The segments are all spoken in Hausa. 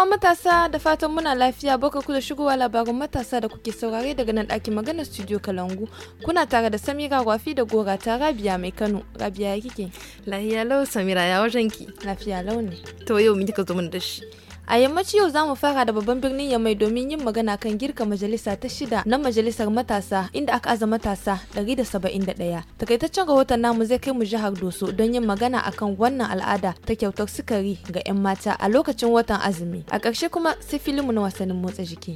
kuma matasa da fatan muna lafiya boka ku da shigowa labarin matasa da kuke saurare daga nan ɗakin magana studio Kalangu. Kuna tare da Samira Rafi da Gora ta Rabia mai Kano. Rabia ya kike? Lafiya lau Samira ya wajen ki. Lafiya lau ne. To yau mun kika zo mana da shi. A yammaci yau za mu fara da babban birnin ya mai domin yin magana kan girka majalisa ta shida na majalisar matasa inda aka aza matasa 171. Takaitaccen rahoton namu zai kai mu jihar Doso don yin magana akan wannan al'ada ta kyautar sukari ga 'yan mata a lokacin watan azumi. A ƙarshe kuma sai filinmu na wasannin motsa jiki.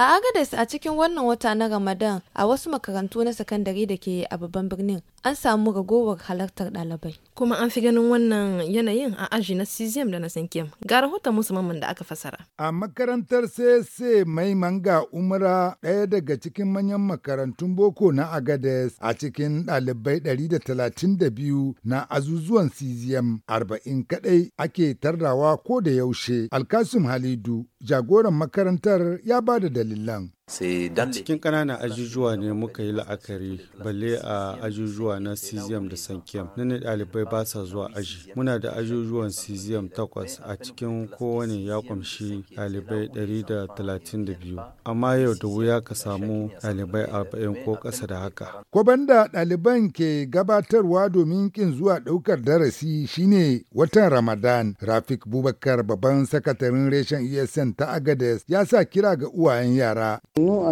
A Agadez a cikin wannan wata na Ramadan a wasu makarantu na sakandare da ke a babban birnin an samu ragowar halartar ɗalibai. Kuma an fi ganin wannan yanayin a aji na CZM da na sankiyam Ga rahoton musamman da aka fasara. A makarantar sese mai manga umara ɗaya daga cikin manyan makarantun boko na Agadez a cikin ɗalibai 132 na azuzuwan CZM 40 kadai ake tarrawa ko da yaushe. alkasim Halidu jagoran makarantar ya ba da lillan A cikin ƙananan ajujuwa ne muka yi la'akari balle a ajujuwa na cesium da sankiyam na ne ɗalibai ba sa zuwa aji. Muna da ajujuwan cesium takwas a cikin kowane ya kumshi ɗalibai 132. Amma yau da wuya ka samu ɗalibai 40 ko ƙasa da haka. Ko da ɗaliban ke gabatarwa domin kin zuwa ɗaukar darasi shine watan Ramadan. Rafik Bubakar babban sakatarin reshen ESN ta Agades ya sa kira ga uwayen yara Mu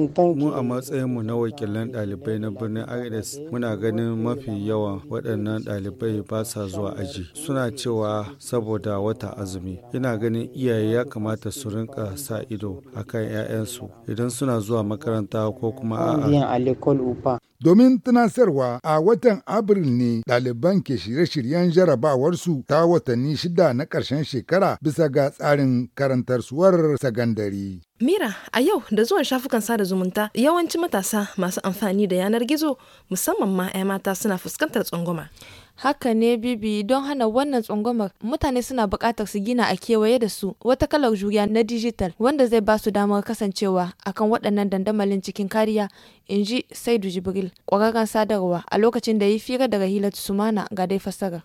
a matsayin mu na wakilan dalibai na birnin irs muna ganin mafi yawan waɗannan dalibai ba sa zuwa aji. Suna cewa saboda wata azumi. Ina ganin iyaye ya kamata su rinka sa ido akan 'ya'yansu idan suna zuwa makaranta ko kuma a'a. Domin tunasarwa a watan Abril ne ɗaliban ke shirye-shiryen jarabawarsu ta watanni shida na ƙarshen shekara bisa ga tsarin karantarsuwar sagandari. Mira, a yau da zuwan shafukan sada zumunta yawanci matasa masu amfani da yanar gizo musamman ma 'ya mata suna fuskantar tsangwama. Haka ne Bibi don hana wannan tsangwamar mutane suna buƙatar su gina a kewaye da su wata kalar juriya na dijital wanda zai ba su damar kasancewa akan waɗannan dandamalin cikin kariya in ji Saidu Jibril ƙwararren sadarwa a lokacin da ya fira daga hilar Sumana ga dai fassara.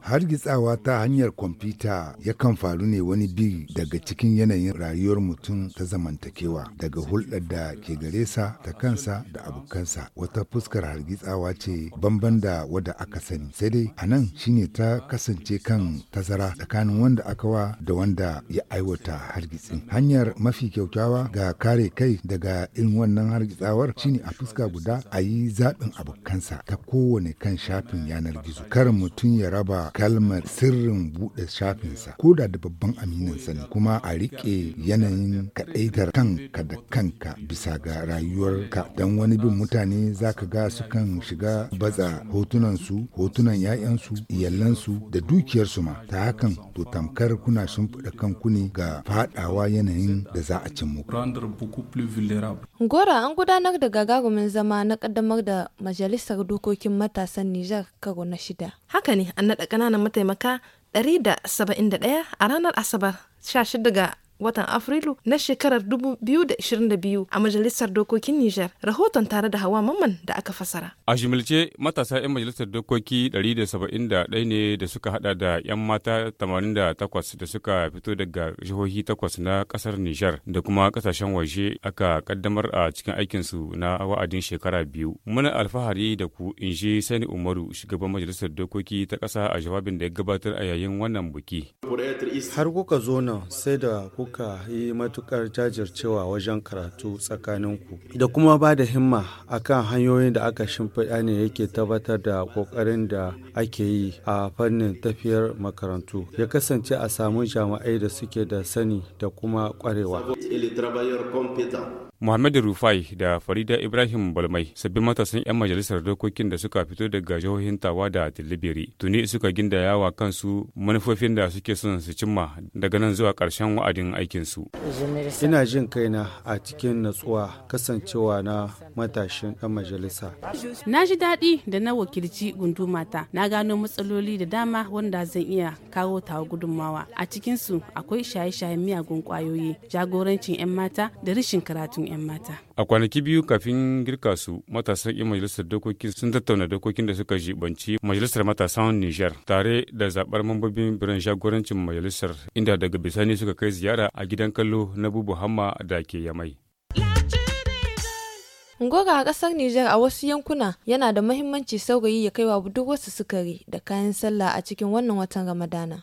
Hargitsawa ta hanyar kwamfuta yakan faru ne wani bi daga cikin yanayin rayuwar mutum ta zamantakewa daga hulɗar da ke gare sa ta kansa da abokansa wata fuskar hargitsawa ce bamban da wadda aka sani sai dai a nan shine ta kasance kan tazara tsakanin wanda aka wa da wanda ya aiwata hargitsin hanyar mafi kyaukyawa ga kare kai daga irin wannan hargitsawar shine a fuska guda a yi zaɓin abokansa ta kowane kan shafin yanar gizo su kar mutum ya raba kalmar sirrin buɗe shafinsa ko da da babban aminin ne kuma a riƙe yanayin kaɗaitar kanka da kanka bisa ga rayuwar ka. don wani bin mutane za ka ga sukan shiga batsa hotunansu hotunan 'ya'yansu iyalansu da dukiyarsu ma ta hakan to tamkar kuna shimfiɗa kanku ne ga faɗawa yanayin da za a cin Gora an gudanar da gagarumin zama na ƙaddamar da Majalisar Dokokin Matasan Nijar karo na shida. Haka ne an naɗa ƙananan mataimaka 171 a ranar Asabar 16 ga watan Afrilu na shekarar 2022 a Majalisar Dokokin Nijar, rahoton tare da Hawa Mamman da aka fasara. A shimilce matasa 'yan Majalisar Dokoki 171 ne da suka hada da 'yan mata 88 da suka fito daga jihohi takwas na kasar Nijar da kuma kasashen waje aka kaddamar a cikin aikinsu na wa'adin shekara biyu. Muna alfahari da ku in ji Sani Umaru shugaban Majalisar Dokoki ta kasa a jawabin da ya gabatar a yayin wannan buki. Har kuka zo nan sai da kuka yi matukar jajircewa wajen karatu tsakaninku da kuma ba da himma akan hanyoyin da aka shimfiɗa ne yake tabbatar da ƙoƙarin da ake yi a fannin tafiyar makarantu ya kasance a samu jami'ai da suke da sani da kuma ƙwarewa Muhammadu Rufai da Farida Ibrahim Balmai sabbin matasan 'yan majalisar dokokin da suka fito daga jihohin Tawa da Tilibiri tuni suka ginda yawa kansu manufofin da suke son su cimma daga nan zuwa ƙarshen wa'adin aikinsu. Ina jin kaina a cikin natsuwa kasancewa na matashin 'yan majalisa. Na ji daɗi da na wakilci gundumata na gano matsaloli da dama wanda zan iya kawo tawa gudummawa a cikinsu akwai shaye-shayen miyagun kwayoyi jagorancin 'yan mata da rashin karatun 'yan mata. A kwanaki biyu kafin girka su matasan 'yan majalisar dokokin sun tattauna dokokin da suka jibanci majalisar matasan Nijar tare da zaɓar mambobin biran jagorancin majalisar inda daga bisani suka kai ziyara a gidan kallo na Bubu Hamma da ke Yamai. Ngoga a ƙasar Nijar a wasu yankuna yana da mahimmanci saurayi ya kai kaiwa wasu sukari da kayan sallah a cikin wannan watan Ramadana.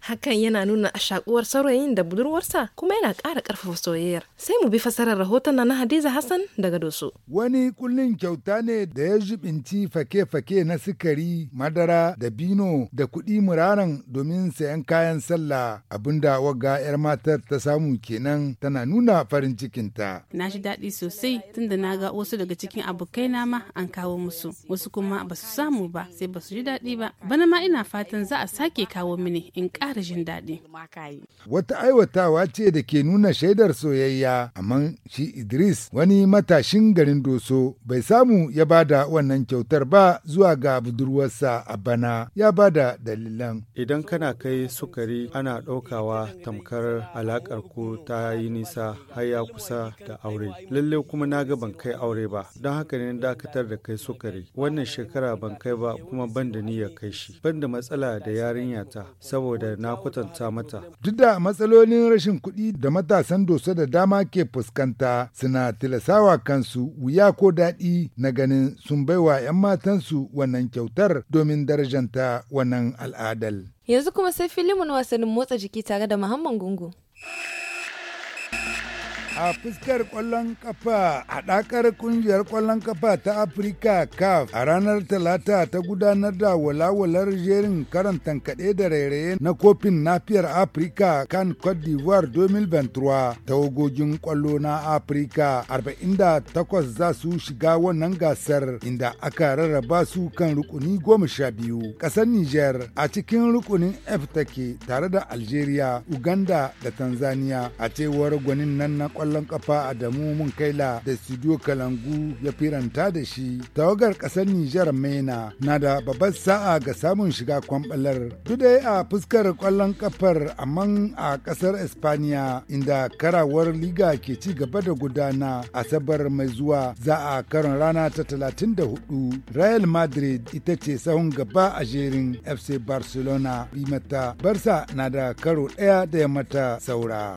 hakan yana nuna shakuwar saurayin da budurwarsa kuma yana ƙara ƙarfafa soyayyar sai mu bi fasarar rahoton na hadiza hassan daga doso wani kullin kyauta ne da ya zubinci fake-fake na sikari madara da bino da kuɗi muraran domin sayan kayan sallah abinda waga 'yar matar ta samu kenan tana nuna farin cikinta na ji daɗi sosai tunda na ga wasu daga cikin abokaina ma an kawo musu wasu kuma ba su samu ba sai ba su ji daɗi ba bana ma ina fatan za a sake kawo mini in ƙara jin daɗi. Wata aiwatawa ce da ke nuna shaidar soyayya amma shi Idris wani matashin garin Doso bai samu ya ba da wannan kyautar ba zuwa ga budurwarsa a bana ya ba da dalilan. Idan kana kai sukari ana ɗaukawa tamkar alaƙar ku ta yi nisa har ya kusa da aure. Lalle kuma na ga ban kai aure ba don haka ne dakatar da kai sukari. Wannan shekara ban kai ba kuma ban da niyyar kai shi. Ban da matsala da yarinya ta. saboda na kwatanta mata. Duk da matsalolin rashin kuɗi da matasan doso da dama ke fuskanta suna tilasawa kansu wuya ko daɗi na ganin sun baiwa 'yan matansu wannan kyautar domin darajanta wannan al'adal. Yanzu kuma sai filimin wasannin motsa jiki tare da Muhammad Gungu. a fuskar kwallon kafa haɗakar kungiyar kwallon kafa ta afirka caf a ranar talata ta gudanar da walawalar jerin karan kaɗe da rairaye na kofin nafiyar afirka kan cote d'ivoire 2023 tawagogin kwallo na afirka 48 za su shiga wannan gasar inda aka rarraba su kan rukuni goma sha biyu ƙasar niger a cikin rukunin f take tare da algeria uganda da tanzania a cewar gwanin nan na ƙwallon ƙafa Adamu Munkaila da Studio Kalangu ya firanta da shi. Tawagar ƙasar Nijar Mena na da babbar sa'a ga samun shiga kwamɓalar. Dudai a fuskar kwallon ƙafar amman a ƙasar Espaniya inda karawar liga ke ci gaba da gudana Asabar mai zuwa za a karon rana ta 34. Real Madrid ita ce sahun gaba a jerin FC Barcelona. bi mata Barsa na da karo ɗaya da ya mata saura.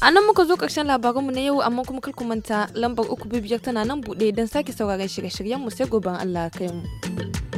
A nan muka zo ƙarshen labaranmu na yau amma kuma manta lambar uku bibiyar tana nan buɗe don sake sauraron shirye-shiryenmu sai gobe Allah kai mu.